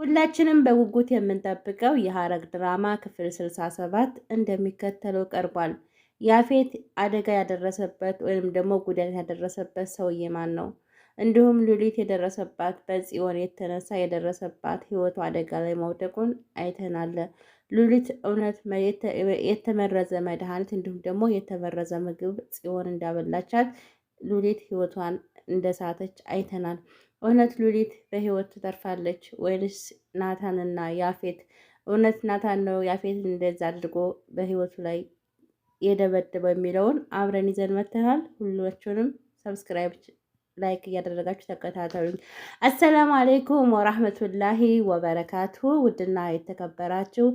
ሁላችንም በጉጉት የምንጠብቀው የሐረግ ድራማ ክፍል 67 እንደሚከተለው ቀርቧል። ያፌት አደጋ ያደረሰበት ወይም ደግሞ ጉዳት ያደረሰበት ሰውዬ ማን ነው? እንዲሁም ሉሊት የደረሰባት በጽዮን የተነሳ የደረሰባት ህይወቱ አደጋ ላይ መውደቁን አይተናል። ሉሊት እውነት የተመረዘ መድኃኒት እንዲሁም ደግሞ የተመረዘ ምግብ ጽዮን እንዳበላቻት ሉሊት ህይወቷን እንደሳተች አይተናል። እውነት ሉሊት በህይወት ትተርፋለች ወይንስ ናታንና ያፌት? እውነት ናታን ነው ያፌት እንደዛ አድርጎ በህይወቱ ላይ የደበደበው የሚለውን አብረን ይዘን መተናል። ሁላችሁንም ሰብስክራይብ፣ ላይክ እያደረጋችሁ ተከታተሉኝ። አሰላሙ አሌይኩም ወራህመቱላሂ ወበረካቱ። ውድና የተከበራችሁ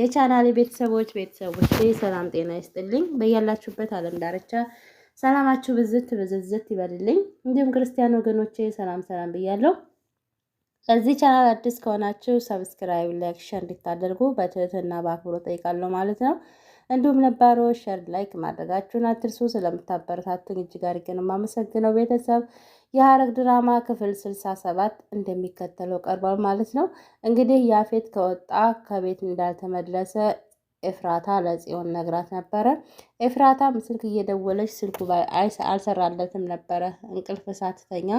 የቻናሌ ቤተሰቦች ቤተሰቦች ሰላም ጤና ይስጥልኝ። በያላችሁበት አለም ዳርቻ ሰላማችሁ ብዝት ብዝዝት ይበልልኝ። እንዲሁም ክርስቲያን ወገኖቼ ሰላም ሰላም ብያለሁ። እዚህ ቻናል አዲስ ከሆናችሁ ሰብስክራይብ፣ ላይክ፣ ሸር እንድታደርጉ በትህትና በአክብሮ ጠይቃለሁ ማለት ነው። እንዲሁም ነባሮ ሸር፣ ላይክ ማድረጋችሁን አትርሱ። ስለምታበረታቱኝ እጅግ አድርጌ ነው የማመሰግነው። ቤተሰብ የሐረግ ድራማ ክፍል ስልሳ ሰባት እንደሚከተለው ቀርቧል ማለት ነው። እንግዲህ ያፌት ከወጣ ከቤት እንዳልተመለሰ ኤፍራታ ለጽዮን ነግራት ነበረ። ኤፍራታም ስልክ እየደወለች ስልኩ አልሰራለትም ነበረ። እንቅልፍ ሳትተኛ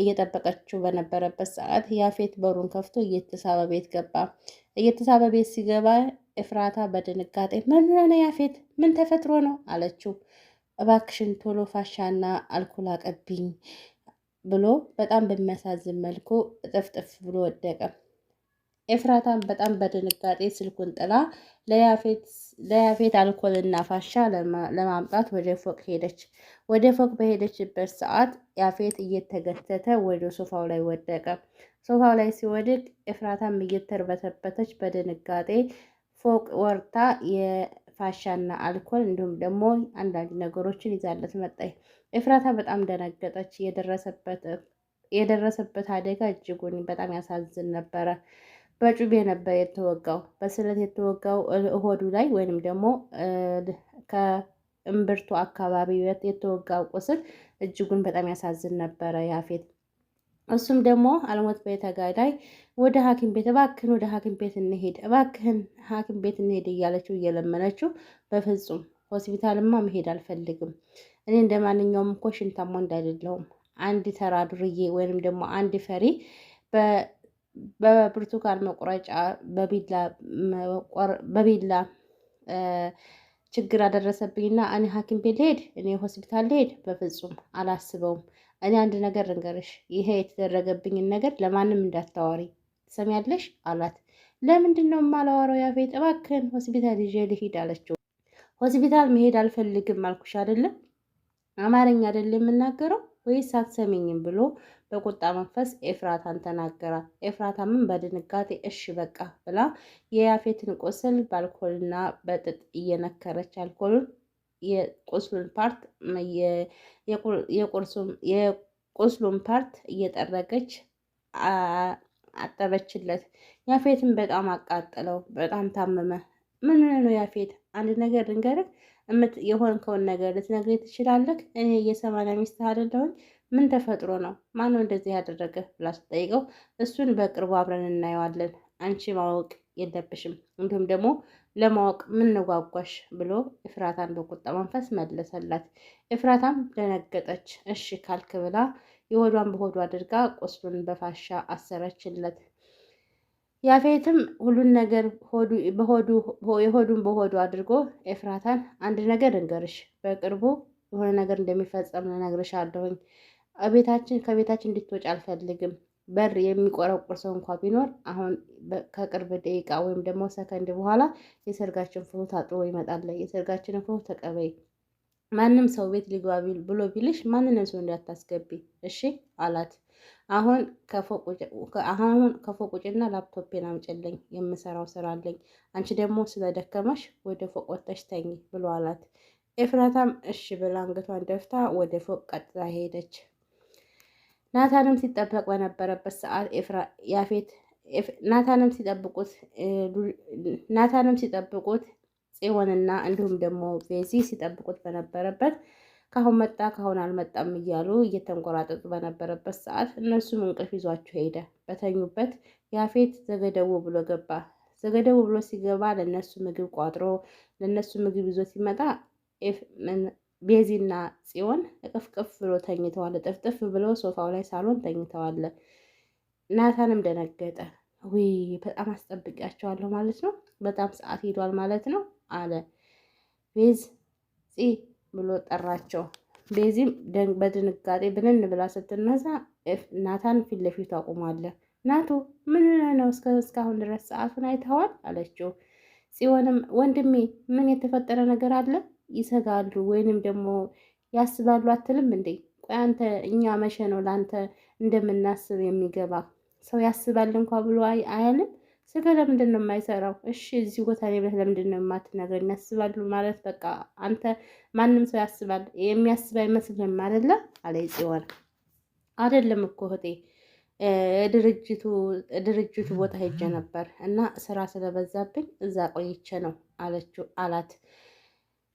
እየጠበቀችው በነበረበት ሰዓት ያፌት በሩን ከፍቶ እየተሳበ ቤት ገባ። እየተሳበ ቤት ሲገባ ኤፍራታ በድንጋጤ ምን ሆነ ያፌት፣ ምን ተፈጥሮ ነው አለችው። እባክሽን ቶሎ ፋሻና አልኮል አቀብኝ ብሎ በጣም በሚያሳዝን መልኩ ጥፍጥፍ ብሎ ወደቀ። ኤፍራታን በጣም በድንጋጤ ስልኩን ጥላ ለያፌት አልኮልና ፋሻ ለማምጣት ወደ ፎቅ ሄደች። ወደ ፎቅ በሄደችበት ሰዓት ያፌት እየተገተተ ወደ ሶፋው ላይ ወደቀ። ሶፋው ላይ ሲወድቅ ኤፍራታም እየተርበተበተች በድንጋጤ ፎቅ ወርታ የፋሻና አልኮል እንዲሁም ደግሞ አንዳንድ ነገሮችን ይዛለት መጣይ። ኤፍራታ በጣም ደነገጠች። የደረሰበት አደጋ እጅጉን በጣም ያሳዝን ነበረ። በጩቤ ነበር የተወጋው፣ በስለት የተወጋው እሆዱ ላይ ወይንም ደግሞ ከእምብርቱ አካባቢ የተወጋው ቁስል እጅጉን በጣም ያሳዝን ነበረ ያፌት። እሱም ደግሞ አልሞት በተጋዳይ ወደ ሐኪም ቤት እባክህን፣ ወደ ሐኪም ቤት እንሄድ፣ እባክህን ሐኪም ቤት እንሄድ እያለችው እየለመነችው፣ በፍጹም ሆስፒታልማ መሄድ አልፈልግም። እኔ እንደ ማንኛውም እኮ ሽንታማ እንዳይደለሁም አንድ ተራ ዱርዬ ወይንም ደግሞ አንድ ፈሪ በብርቱካን መቁረጫ በቢላ ችግር አደረሰብኝና እኔ ሐኪም ቤት ልሄድ እኔ ሆስፒታል ልሄድ በፍጹም አላስበውም። እኔ አንድ ነገር ልንገርሽ፣ ይሄ የተደረገብኝን ነገር ለማንም እንዳታዋሪ ትሰሚያለሽ አላት። ለምንድን ነው የማላወራው? ያፌት እባክህን ሆስፒታል ይዤ ልሂድ አለችው። ሆስፒታል መሄድ አልፈልግም አልኩሽ አይደለም? አማርኛ አይደለም የምናገረው ወይስ አትሰሚኝም ብሎ በቁጣ መንፈስ ኤፍራታን ተናገራት። ኤፍራታምን በድንጋጤ እሽ በቃ ብላ የያፌትን ቁስል በአልኮልና በጥጥ እየነከረች አልኮሉን የቁስሉን ፓርት የቁስሉን ፓርት እየጠረገች አጠበችለት። ያፌትን በጣም አቃጠለው። በጣም ታመመ። ምን ነው ያፌት፣ አንድ ነገር ልንገርህ የሆንከውን ነገር ልትነግር ትችላለህ? እኔ የሰማንያ ሚስት አይደለሁኝ? ምን ተፈጥሮ ነው? ማነው እንደዚህ ያደረገ ብላ ስጠይቀው እሱን በቅርቡ አብረን እናየዋለን፣ አንቺ ማወቅ የለብሽም እንዲሁም ደግሞ ለማወቅ ምንጓጓሽ ነጓጓሽ ብሎ ኤፍራታን በቁጣ መንፈስ መለሰላት። እፍራታም ደነገጠች። እሺ ካልክ ብላ የሆዷን በሆዷ አድርጋ ቁስሉን በፋሻ አሰረችለት። ያፌትም ሁሉን ነገር የሆዱን በሆዱ አድርጎ ኤፍራታን አንድ ነገር እንገርሽ፣ በቅርቡ የሆነ ነገር እንደሚፈጸም ነግርሽ አለሁኝ። ቤታችን ከቤታችን እንድትወጭ አልፈልግም። በር የሚቆረቁር ሰው እንኳ ቢኖር አሁን ከቅርብ ደቂቃ ወይም ደግሞ ሰከንድ በኋላ የሰርጋችን ፍሩ ታጥሮ ይመጣል። የሰርጋችን ፍሩ ተቀበይ። ማንም ሰው ቤት ሊግባ ብሎ ቢልሽ ማንንም ሰው እንዳታስገቢ እሺ አላት። አሁን ከፎቅ ውጭና ላፕቶፔን አምጪልኝ የምሰራው ስራ አለኝ፣ አንቺ ደግሞ ስለደከመሽ ወደ ፎቅ ወጥተሽ ተኝ ብሎ አላት። ኤፍራታም እሺ ብላ አንገቷን ደፍታ ወደ ፎቅ ቀጥታ ሄደች። ናታንም ሲጠበቅ በነበረበት ሰዓት ያፌት ናታንም ሲጠብቁት ናታንም ሲጠብቁት ጽዮንና እንዲሁም ደግሞ ቤዚ ሲጠብቁት በነበረበት ካሁን መጣ ካሁን አልመጣም እያሉ እየተንቆራጠጡ በነበረበት ሰዓት እነሱም እንቅልፍ ይዟቸው ሄደ። በተኙበት ያፌት ዘገደው ብሎ ገባ። ዘገደው ብሎ ሲገባ ለእነሱ ምግብ ቋጥሮ ለእነሱ ምግብ ይዞ ሲመጣ ቤዚና ጽዮን እቅፍቅፍ ብሎ ተኝተዋል። ጥፍጥፍ ብሎ ሶፋው ላይ ሳሎን ተኝተዋል። ናታንም ደነገጠ። ውይ በጣም አስጠብቂያቸዋለሁ ማለት ነው፣ በጣም ሰዓት ሄዷል ማለት ነው አለ ቤዝ ብሎ ጠራቸው። በዚህም በድንጋጤ ብንን ብላ ስትነሳ ናታን ፊት ለፊቱ አቁማለ። ናቱ ምን ነው እስካሁን ድረስ ሰዓቱን አይተዋል? አለችው። ጽዮንም ወንድሜ ምን የተፈጠረ ነገር አለ? ይሰጋሉ ወይንም ደግሞ ያስባሉ አትልም እንዴ? ቆይ አንተ እኛ መቼ ነው ለአንተ እንደምናስብ የሚገባ ሰው ያስባል እንኳ ብሎ አያልን ስልክ ለምንድን ነው የማይሰራው? እሺ እዚህ ቦታ ላይ ብለህ ለምንድን ነው የማትነግረኝ? ያስባሉ ማለት በቃ አንተ ማንም ሰው ያስባል የሚያስብ አይመስልህም አይደለ? አለ ጽዮን። አይደለም እኮ እህቴ ድርጅቱ ድርጅቱ ቦታ ሄጄ ነበር እና ስራ ስለበዛብኝ እዛ ቆይቼ ነው አለችው አላት።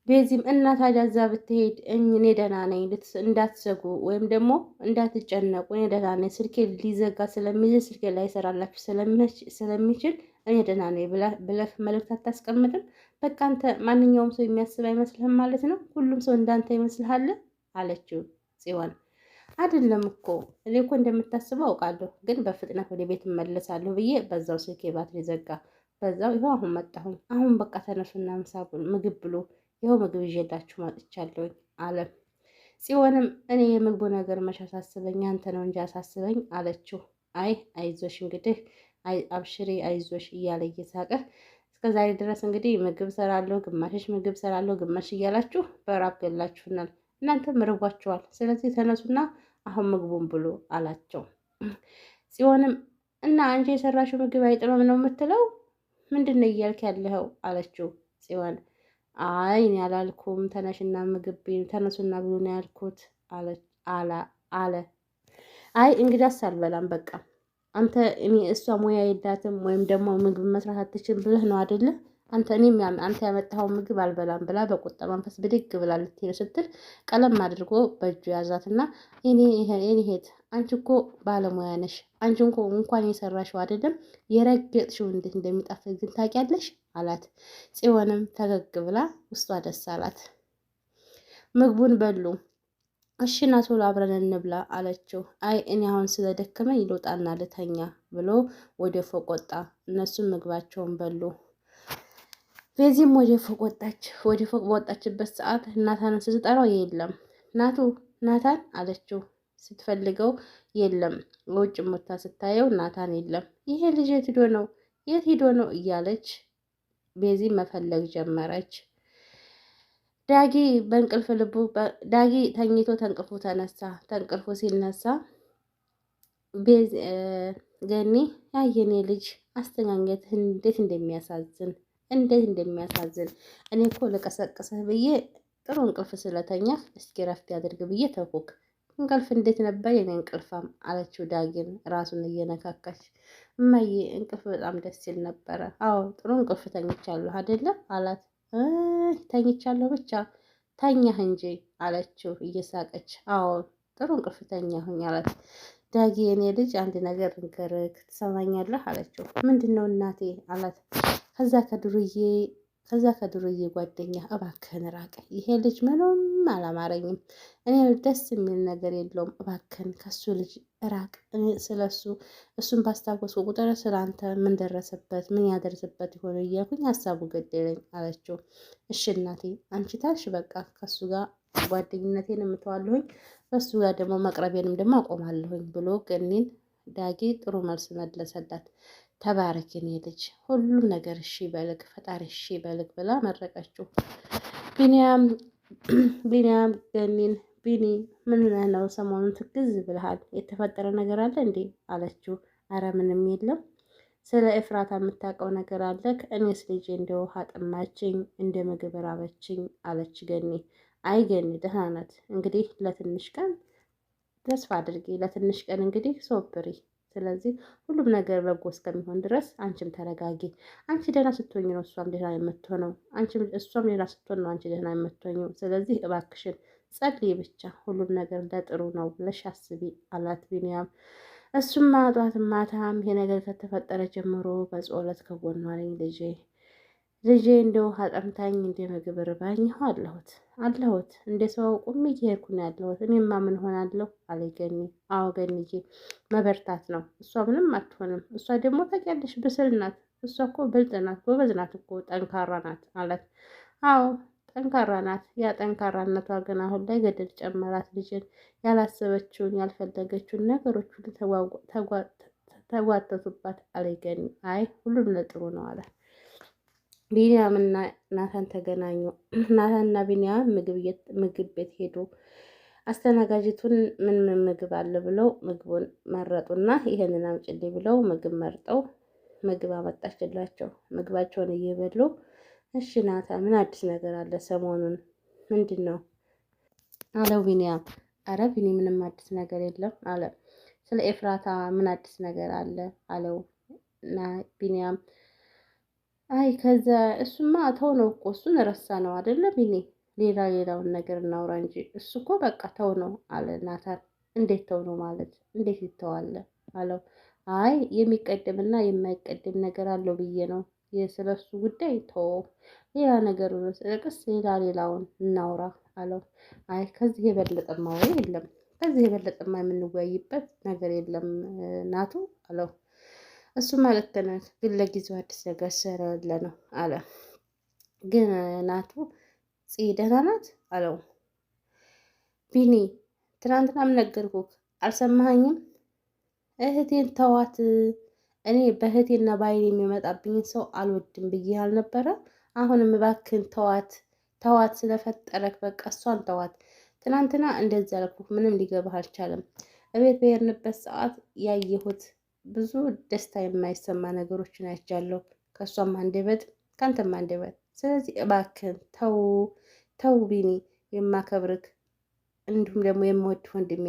ቤዚም እና ታዲያ እዛ ብትሄድ እኔ ደህና ነኝ እንዳትዘጉ ወይም ደግሞ እንዳትጨነቁ እኔ ደህና ነኝ፣ ስልኬ ሊዘጋ ስለሚችል ስልኬ ላይሰራላችሁ ስለሚችል እኔ ደህና ነኝ ብለህ መልእክት አታስቀምጥም? በቃ አንተ ማንኛውም ሰው የሚያስብ አይመስልህም ማለት ነው? ሁሉም ሰው እንዳንተ ይመስልሃል? አለችው ጽዮን። አይደለም እኮ እኔ እኮ እንደምታስበው አውቃለሁ፣ ግን በፍጥነት ወደ ቤት እመለሳለሁ ብዬ በዛው ስልኬ ባትሪ ዘጋ፣ በዛው ይኸው አሁን መጣሁኝ። አሁን በቃ ተነሱና ምሳ ምግብ ብሎ ይኸው ምግብ ይዤላችሁ መጥቻለሁኝ አለ። ጽዮንም እኔ የምግቡ ነገር መች አሳስበኝ አንተ ነው እንጂ አሳስበኝ አለችው። አይ አይዞሽ እንግዲህ አብሽሪ አይዞሽ እያለ እየሳቀ እስከ ዛሬ ድረስ እንግዲህ ምግብ ሰራለሁ፣ ግማሽሽ ምግብ ሰራለሁ፣ ግማሽ እያላችሁ በራብ ገላችሁናል። እናንተም ርቧችኋል። ስለዚህ ተነሱና አሁን ምግቡን ብሎ አላቸው። ጽዮንም እና አንቺ የሰራሽው ምግብ አይጥምም ነው የምትለው? ምንድን ነው እያልክ ያለኸው አለችው ጽዮን አይ እኔ አላልኩም፣ ተነሽና ምግብ ቤት ተነሱና ብሉ ነው ያልኩት አለ። አለ አይ እንግዳስ አልበላም በቃ አንተ እኔ እሷ ሙያ የላትም ወይም ደግሞ ምግብ መስራት አትችልም ብለህ ነው አይደለ? አንተ እኔም አንተ ያመጣኸው ምግብ አልበላም ብላ በቁጣ መንፈስ ብድግ ብላ ልትሄድ ስትል ቀለም አድርጎ በእጁ ያዛትና ኔሄት አንቺ እኮ ባለሙያ ነሽ። አንቺ እንኳን የሰራሽው አይደለም የረገጥሽው እንዴት እንደሚጣፍጥ ግን ታውቂያለሽ። አላት። ጽዮንም ፈገግ ብላ ውስጧ ደስ አላት። ምግቡን በሉ። እሽና ና ቶሎ አብረን እንብላ አለችው። አይ እኔ አሁን ስለደከመኝ ልውጣና ልተኛ ብሎ ወደ ፎቅ ወጣ። እነሱም ምግባቸውን በሉ። በዚህም ወደ ፎቅ ወጣች። ወደ ፎቅ በወጣችበት ሰዓት ናታንን ስትጠራው የለም። ናቱ ናታን አለችው። ስትፈልገው የለም። በውጭ ሞታ ስታየው ናታን የለም። ይሄ ልጅ የት ሂዶ ነው? የት ሂዶ ነው እያለች ቤዚ መፈለግ ጀመረች። ዳጊ በእንቅልፍ ልቡ ዳጊ ተኝቶ ተንቅልፉ ተነሳ። ተንቅልፉ ሲነሳ ገኒ ያየኔ ልጅ አስተኛኘት እንዴት እንደሚያሳዝን እንዴት እንደሚያሳዝን እኔ እኮ ልቀሰቅስህ ብዬ ጥሩ እንቅልፍ ስለተኛ እስኪ ረፍት ያድርግ ብዬ ተኩክ እንቅልፍ እንዴት ነበር የኔ እንቅልፋም አለችው ዳጊን ራሱን እየነካካች እማዬ እንቅልፍ በጣም ደስ ሲል ነበረ። አዎ ጥሩ እንቅልፍ ተኝቻለሁ አይደለም አላት። ተኝቻለሁ ብቻ ተኛህ እንጂ አለችው እየሳቀች። አዎ ጥሩ እንቅልፍ ተኛሁኝ አላት። ዳጊ የኔ ልጅ አንድ ነገር ንገርህ ትሰማኛለህ? አለችው። ምንድን ነው እናቴ አላት። ከዛ ከዱርዬ ከዛ ከዱርዬ ጓደኛ እባክህን ራቅ ይሄ ልጅ ምንም አላማረኝም። እኔ ደስ የሚል ነገር የለውም። እባክን ከሱ ልጅ ራቅ። ስለሱ እሱን ባስታወስኩ ቁጥር ስለአንተ ምን ደረሰበት፣ ምን ያደርስበት የሆነ እያልኩኝ ሀሳቡ ገደለኝ አለችው። እሺ እናቴ አንቺ ታልሽ፣ በቃ ከሱ ጋር ጓደኝነቴን የምተዋለሁኝ ከሱ ጋር ደግሞ መቅረቤንም ደግሞ አቆማለሁኝ ብሎ ገኒን ዳጊ ጥሩ መልስ መለሰላት። ተባረኪን የልጅ ልጅ፣ ሁሉም ነገር እሺ በልክ ፈጣሪ እሺ በልክ ብላ መረቀችው ቢኒያም ቢኒያም ገኒን ቢኒ ምን ሆነህ ነው ሰሞኑን ትግዝ ብለሃል? የተፈጠረ ነገር አለ እንዴ አለችው። አረ ምንም የለም። ስለ ኤፍራታ የምታውቀው ነገር አለ? እኔስ ልጄ እንደ ውሃ ጠማችኝ፣ እንደ ምግብ ራበችኝ አለች ገኒ። አይ ገኒ ደህና ናት። እንግዲህ ለትንሽ ቀን ተስፋ አድርጊ፣ ለትንሽ ቀን እንግዲህ ሶብሪ ስለዚህ ሁሉም ነገር በጎ እስከሚሆን ድረስ አንቺም ተረጋጊ። አንቺ ደህና ስትሆኝ ነው እሷም ደህና የምትሆነው። እሷም ደህና ስትሆን ነው አንቺ ደህና የምትሆኘው። ስለዚህ እባክሽን ጸልይ ብቻ፣ ሁሉም ነገር ለጥሩ ነው ብለሽ አስቢ አላት ቢንያም። እሱም ማጧት ማታም ይሄ ነገር ከተፈጠረ ጀምሮ በጸሎት ከጎኗ ነኝ ልጄ ልጄ እንደ ውሃ ጠምታኝ እንደ ምግብ ርባኝ አለሁት አለሁት እንደ ሰው ቁም እየሄድኩ ነው ያለሁት። እኔማ ምን ሆናለሁ? አለገኝ አወገንዬ መበርታት ነው። እሷ ምንም አትሆንም። እሷ ደግሞ ታውቂያለሽ፣ ብስል ናት። እሷ እኮ ብልጥ ናት፣ ጎበዝ ናት እኮ ጠንካራ ናት አላት። አዎ ጠንካራ ናት። ያ ጠንካራነቷ ግን አሁን ላይ ገደል ጨመራት። ልጅን ያላሰበችውን ያልፈለገችውን ነገሮች ሁሉ ተጓተቱባት። አለገኝ አይ ሁሉም ለጥሩ ነው አላት። እና ናታን ተገናኙ። እና ቢንያም ምግብ ቤት ሄዱ። አስተናጋጅቱን ምን ምን ምግብ አለ ብለው ምግቡን መረጡና ይሄንን አምጪልኝ ብለው ምግብ መርጠው ምግብ አመጣችላቸው። ምግባቸውን እየበሉ እሺ ናታን ምን አዲስ ነገር አለ ሰሞኑን ምንድን ነው አለው ቢንያም። አረ ቢኒ ምንም አዲስ ነገር የለም አለ። ስለ ኤፍራታ ምን አዲስ ነገር አለ አለው ቢንያም አይ ከዛ እሱማ ተው ነው እኮ እሱን ረሳ ነው አይደለም ይኔ ሌላ ሌላውን ነገር እናውራ እንጂ እሱ እኮ በቃ ተው ነው አለ ናታን። እንዴት ተው ነው ማለት እንዴት ይተዋለ አለው። አይ የሚቀድምና የማይቀድም ነገር አለው ብዬ ነው የስለሱ ጉዳይ ተው፣ ሌላ ነገር ስለቅስ ሌላ ሌላውን እናውራ አለው። አይ ከዚህ የበለጠማ ወይ የለም፣ ከዚህ የበለጠማ የምንወያይበት ነገር የለም ናቱ አለው። እሱ ማለት ተናት ግን ለጊዜው አዲስ ነገር ነው አለ። ግን ናቱ ጽይ ደህና ናት አለው። ቢኒ ትናንትናም ነገርኩህ አልሰማኸኝም? እህቴን ተዋት። እኔ በእህቴና በአይኔ የሚመጣብኝን ሰው አልወድም ብዬ አልነበረ? አሁንም እባክህን ተዋት ተዋት፣ ስለፈጠረክ በቃ እሷን ተዋት። ትናንትና እንደዚህ አልኩህ፣ ምንም ሊገባህ አልቻለም። እቤት በሄድንበት ሰዓት ያየሁት ብዙ ደስታ የማይሰማ ነገሮችን አይቻለሁ። ከእሷም አንደበት ከአንተም አንደበት። ስለዚህ እባክን ተው ተው፣ ቢኒ የማከብርክ እንዲሁም ደግሞ የምወድ ወንድሜ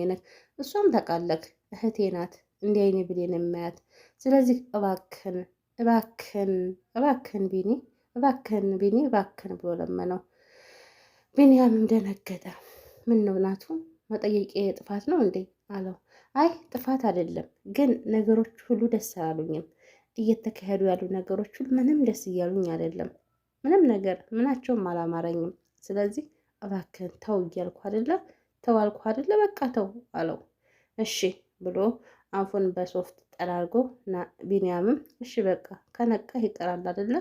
እሷም ታውቃለክ እህቴ ናት፣ እንዲህ አይኔ ብሌን የማያት ስለዚህ እባክን እባክን እባክን ቢኒ እባክን ቢኒ እባክን ብሎ ለመነው። ቢንያምም ደነገጠ። ምን ነው ናቱ መጠየቄ ጥፋት ነው እንዴ? አለው። አይ ጥፋት አይደለም፣ ግን ነገሮች ሁሉ ደስ አላሉኝም። እየተካሄዱ ያሉ ነገሮች ሁሉ ምንም ደስ እያሉኝ አይደለም። ምንም ነገር ምናቸውም አላማረኝም። ስለዚህ እባክህን ተው እያልኩ አይደለ? ተው አልኩ አይደለ? በቃ ተው አለው። እሺ ብሎ አፉን በሶፍት ጠራርጎ ቢንያምም እሺ በቃ ከነቃ ይቀራል አይደለ?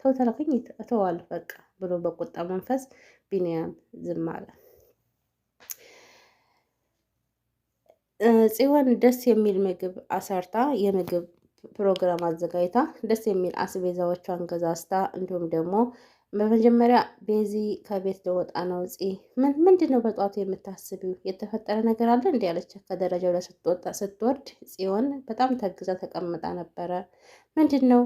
ተው ተረከኝ ተዋል በቃ ብሎ በቁጣ መንፈስ ቢንያም ዝም አለ። ጽዮን ደስ የሚል ምግብ አሰርታ የምግብ ፕሮግራም አዘጋጅታ ደስ የሚል አስቤዛዎቿን ገዛዝታ እንዲሁም ደግሞ በመጀመሪያ ቤዚ ከቤት ለወጣ ነው። ጽ ምን ምንድን ነው በጧቱ የምታስቢው? የተፈጠረ ነገር አለ እንዲ ያለች ከደረጃው ላይ ስትወርድ ጽዮን በጣም ተግዛ ተቀምጣ ነበረ። ምንድን ነው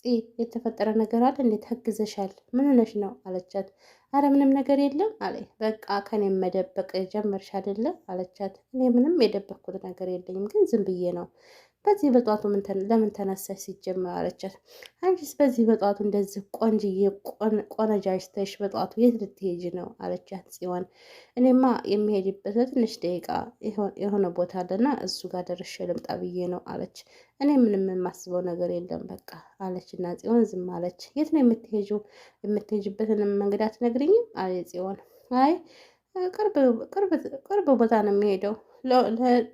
ጽ የተፈጠረ ነገር አለ እንዴት ህግዘሻል? ምን ሆነሽ ነው አለቻት። አረ ምንም ነገር የለም አለ። በቃ ከኔ መደበቅ ጀመርሽ አይደለም አለቻት። እኔ ምንም የደበቅኩት ነገር የለኝም ግን ዝም ብዬ ነው በዚህ በጠዋቱ ለምን ተነሳሽ ሲጀመር አለቻት። አንቺስ በዚህ በጠዋቱ እንደዚህ ቆንጅዬ ቆነጃጅተሽ በጠዋቱ የት ልትሄጂ ነው አለቻት ጽዮን። እኔማ የሚሄድበት በትንሽ ደቂቃ የሆነ ቦታ አለና እሱ ጋር ደርሼ ልምጣ ብዬ ነው አለች። እኔ ምንም የማስበው ነገር የለም በቃ አለች እና ጽዮን ዝም አለች። የት ነው የምትሄጂው? የምትሄጂበትንም መንገድ አትነግሪኝም? አለ ጽዮን። አይ ቅርብ ቦታ ነው የሚሄደው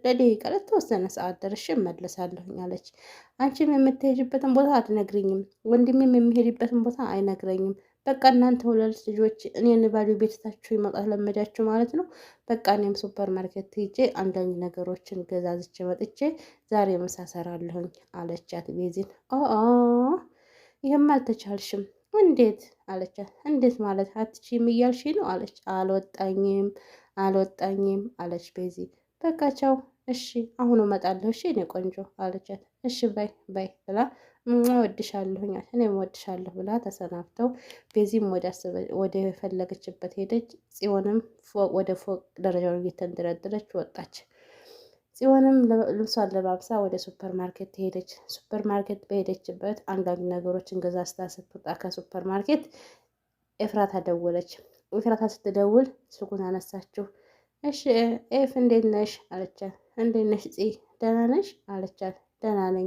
ለደቂቃ ለተወሰነ ሰዓት ደርሼ እመለሳለሁኝ አለች። አንቺም የምትሄጂበትን ቦታ አትነግሪኝም፣ ወንድሜም የሚሄድበትን ቦታ አይነግረኝም። በቃ እናንተ ሁለት ልጆች እኔን ባዶ ቤተታችሁ ይመጣት ለመዳችሁ ማለት ነው። በቃ እኔም ሱፐር ማርኬት ሄጄ አንዳንድ ነገሮችን ገዛዝቼ መጥቼ ዛሬ ምሳ እሰራለሁኝ አለቻት ቤዚን። ይህም አልተቻልሽም እንዴት አለቻት። እንዴት ማለት አትችይም እያልሽ ነው አለች። አልወጣኝም አልወጣኝም አለች ቤዚ። በቃቸው እሺ አሁኑ እመጣለሁ እሺ እኔ ቆንጆ አለቻት። እሺ በይ በይ ብላ እወድሻለሁኝ እኔም እወድሻለሁ ብላ ተሰናብተው ቤዚም ወደ የፈለገችበት ሄደች። ጽዮንም ወደ ፎቅ ደረጃውን እየተንደረደረች ወጣች። ጽዮንም ልብሷን ለባብሳ ወደ ሱፐር ማርኬት ሄደች። ሱፐር ማርኬት በሄደችበት አንዳንድ ነገሮችን ስታ ስትወጣ ከሱፐር ማርኬት ኤፍራታ ደወለች። ኤፍራታ ስትደውል ስልኩን አነሳችሁ። እሺ ኤፍ እንዴት ነሽ አለቻት። እንዴት ነሽ ፂ ደህና ነሽ አለቻት። ደህና ነኝ።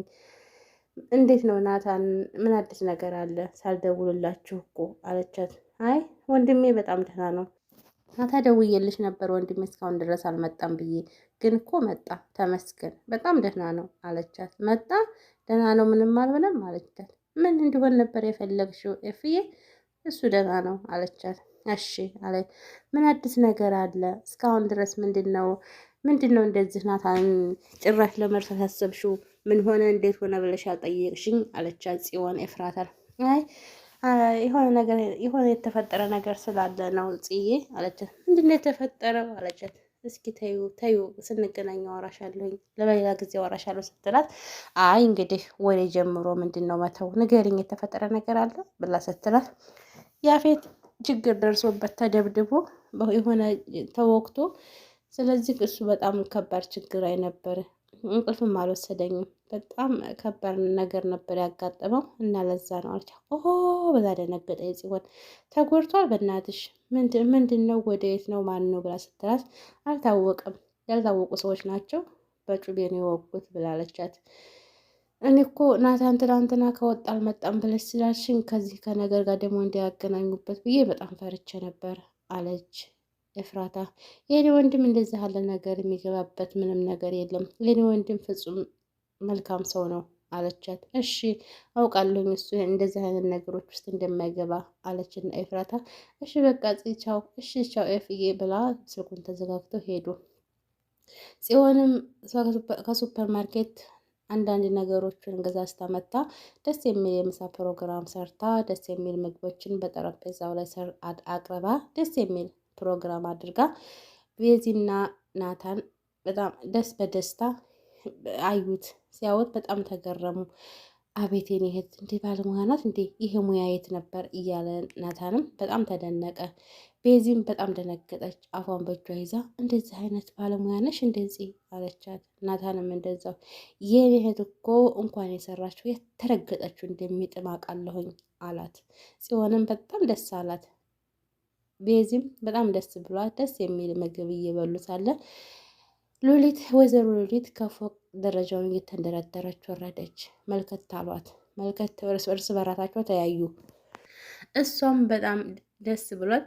እንዴት ነው ናታን፣ ምን አዲስ ነገር አለ ሳልደውልላችሁ እኮ አለቻት። አይ ወንድሜ በጣም ደህና ነው። ናታ ደውዬልሽ ነበር ወንድሜ እስካሁን ድረስ አልመጣም ብዬ፣ ግን እኮ መጣ፣ ተመስገን። በጣም ደህና ነው አለቻት። መጣ፣ ደህና ነው፣ ምንም አልሆነም አለቻት። ምን እንዲሆን ነበር የፈለግሽው ኤፍዬ? እሱ ደህና ነው አለቻት። እሺ አለች። ምን አዲስ ነገር አለ? እስካሁን ድረስ ምንድን ነው ምንድን ነው እንደዚህ ናታን ጭራሽ ለመርሳት ያሰብሽው? ምን ሆነ እንዴት ሆነ ብለሽ አልጠየቅሽኝ አለቻ ጽዮን ኤፍራታል። አይ የሆነ ነገር የሆነ የተፈጠረ ነገር ስላለ ነው ጽዬ አለቻት። ምንድን ነው የተፈጠረው አለቻት። እስኪ ተዩ ተዩ ስንገናኝ አወራሻለሁ፣ ለበሌላ ጊዜ አወራሻለሁ ስትላት፣ አይ እንግዲህ ወደ ጀምሮ ምንድን ነው መተው ንገሪኝ፣ የተፈጠረ ነገር አለ ብላ ስትላት ያፌት ችግር ደርሶበት ተደብድቦ የሆነ ተወቅቶ፣ ስለዚህ እሱ በጣም ከባድ ችግር አይነበር። እንቅልፍም አልወሰደኝም። በጣም ከባድ ነገር ነበር ያጋጠመው እና ለዛ ነው አልቻ በዛ ደነገጠ። የጽሆን ተጎድቷል። በእናትሽ ምንድን ነው? ወደየት ነው? ማን ነው ብላ ስትላት አልታወቀም፣ ያልታወቁ ሰዎች ናቸው በጩቤ ነው የወጉት ብላለቻት። እኔ እኮ ናታን ትናንትና ከወጣ አልመጣም ብለሽ ስላልሽኝ ከዚህ ከነገር ጋር ደግሞ እንዲያገናኙበት ብዬ በጣም ፈርቼ ነበር አለች ኤፍራታ። የኔ ወንድም እንደዚህ ያለ ነገር የሚገባበት ምንም ነገር የለም። የኔ ወንድም ፍጹም መልካም ሰው ነው አለቻት። እሺ አውቃለሁ እሱ እንደዚህ አይነት ነገሮች ውስጥ እንደማይገባ አለችና ኤፍራታ እሺ በቃ ቻው፣ እሺ ቻው ኤፍዬ ብላ ስልኩን ተዘጋግተው ሄዱ። ጽዮንም ከሱፐር ማርኬት አንዳንድ ነገሮችን ገዛ ስታመታ ደስ የሚል የምሳ ፕሮግራም ሰርታ ደስ የሚል ምግቦችን በጠረጴዛው ላይ አቅርባ ደስ የሚል ፕሮግራም አድርጋ ቤዚና ናታን በጣም ደስ በደስታ አዩት። ሲያወት በጣም ተገረሙ። አቤት የኔ እህት እንዲህ ባለሙያ ናት እንዴ! ይሄ ሙያ የት ነበር? እያለ ናታንም በጣም ተደነቀ። ቤዚም በጣም ደነገጠች። አፏን በእጇ ይዛ እንደዚህ አይነት ባለሙያ ነሽ እንደዚህ አለቻት። ናታንም እንደዛው ይህን እህት እኮ እንኳን የሰራችው የተረገጠችው እንደሚጥም አቃለሁኝ አላት። ጽዮንም በጣም ደስ አላት። ቤዚም በጣም ደስ ብሏት ደስ የሚል ምግብ እየበሉ ሳለ ሉሊት ወይዘሮ ሉሊት ከፎቅ ደረጃውን እየተንደረደረች ወረደች። መልከት አሏት። መልከት እርስ በራሳቸው ተያዩ። እሷም በጣም ደስ ብሏት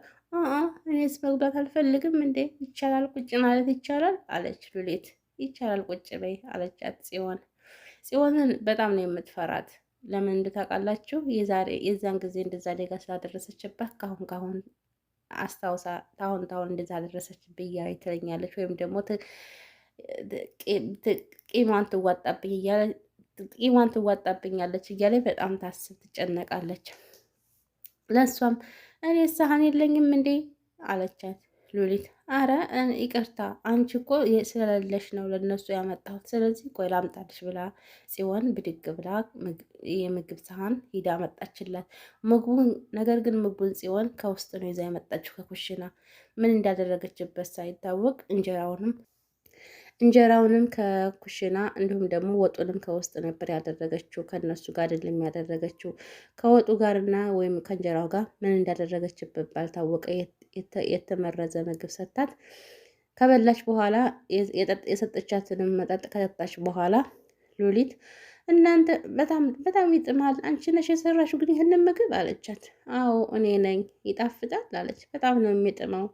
እኔስ መጉዳት አልፈልግም እንዴ? ይቻላል ቁጭ ማለት ይቻላል አለች ሉሌት ይቻላል ቁጭ በይ አለቻት ጽዮን። ጽዮንን በጣም ነው የምትፈራት። ለምን እንድታውቃላችሁ? የዛን ጊዜ እንደዛ አደጋ ስላደረሰችባት ካሁን ካሁን አስታውሳ ታሁን ታሁን እንደዛ አደረሰች ብያ ትለኛለች ወይም ደግሞ ቂሟን ትዋጣብኝ እያለ ቂሟን ትዋጣብኛለች እያለ በጣም ታስብ ትጨነቃለች። ለእሷም እኔ ሳህን የለኝም እንዴ አለቻት ሉሊት። አረ ይቅርታ አንቺ እኮ ስለሌለሽ ነው ለነሱ ያመጣሁት፣ ስለዚህ ቆይ ላምጣልሽ ብላ ጽዮን ብድግ ብላ የምግብ ሳህን ሂዳ መጣችላት። ምግቡን ነገር ግን ምግቡን ጽዮን ከውስጥ ነው ይዛ የመጣችው ከኩሽና ምን እንዳደረገችበት ሳይታወቅ እንጀራውንም እንጀራውንም ከኩሽና እንዲሁም ደግሞ ወጡንም ከውስጥ ነበር ያደረገችው። ከነሱ ጋር አይደለም ያደረገችው፣ ከወጡ ጋርና ወይም ከእንጀራው ጋር ምን እንዳደረገችበት ባልታወቀ የተመረዘ ምግብ ሰታት ከበላች በኋላ የሰጠቻትንም መጠጥ ከጠጣች በኋላ ሉሊት እናንተ በጣም በጣም ይጥማል። አንቺ ነሽ የሰራሽው ግን ይህንን ምግብ አለቻት። አዎ እኔ ነኝ፣ ይጣፍጣል አለች። በጣም ነው የሚጥመው።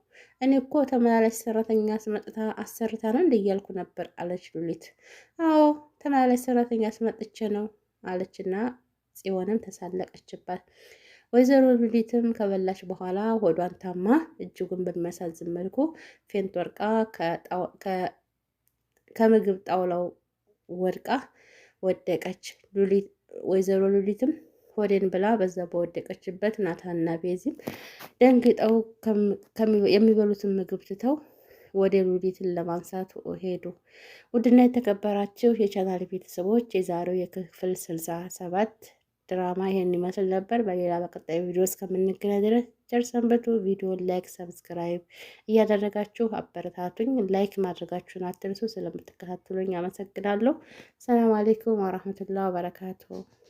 እኔ እኮ ተመላላሽ ሰራተኛ አስመጥታ አሰርታ ነው እንደ እያልኩ ነበር አለች ሉሊት። አዎ ተመላላሽ ሰራተኛ አስመጥቼ ነው አለችና ጽዮንም ተሳለቀችባት። ወይዘሮ ሉሊትም ከበላች በኋላ ሆዷን ታማ እጅጉን በሚያሳዝን መልኩ ፌንት ወርቃ ከምግብ ጣውላው ወድቃ ወደቀች። ወይዘሮ ሉሊትም ሆዴን ብላ በዛ በወደቀችበት ናታና ቤዚም ደንግጠው የሚበሉትን ምግብ ትተው ወደ ሉሊትን ለማንሳት ሄዱ። ውድና የተከበራችሁ የቻናል ቤተሰቦች የዛሬው የክፍል ስልሳ ሰባት ድራማ ይሄን ይመስል ነበር። በሌላ በቀጣይ ቪዲዮ እስከምንገናኝ ድረስ ጨርሰንበቱ ቪዲዮ ላይክ፣ ሰብስክራይብ እያደረጋችሁ አበረታቱኝ። ላይክ ማድረጋችሁን አትርሱ። ስለምትከታተሉኝ አመሰግናለሁ። ሰላም አሌይኩም ወራህመቱላህ ወበረካቱሁ።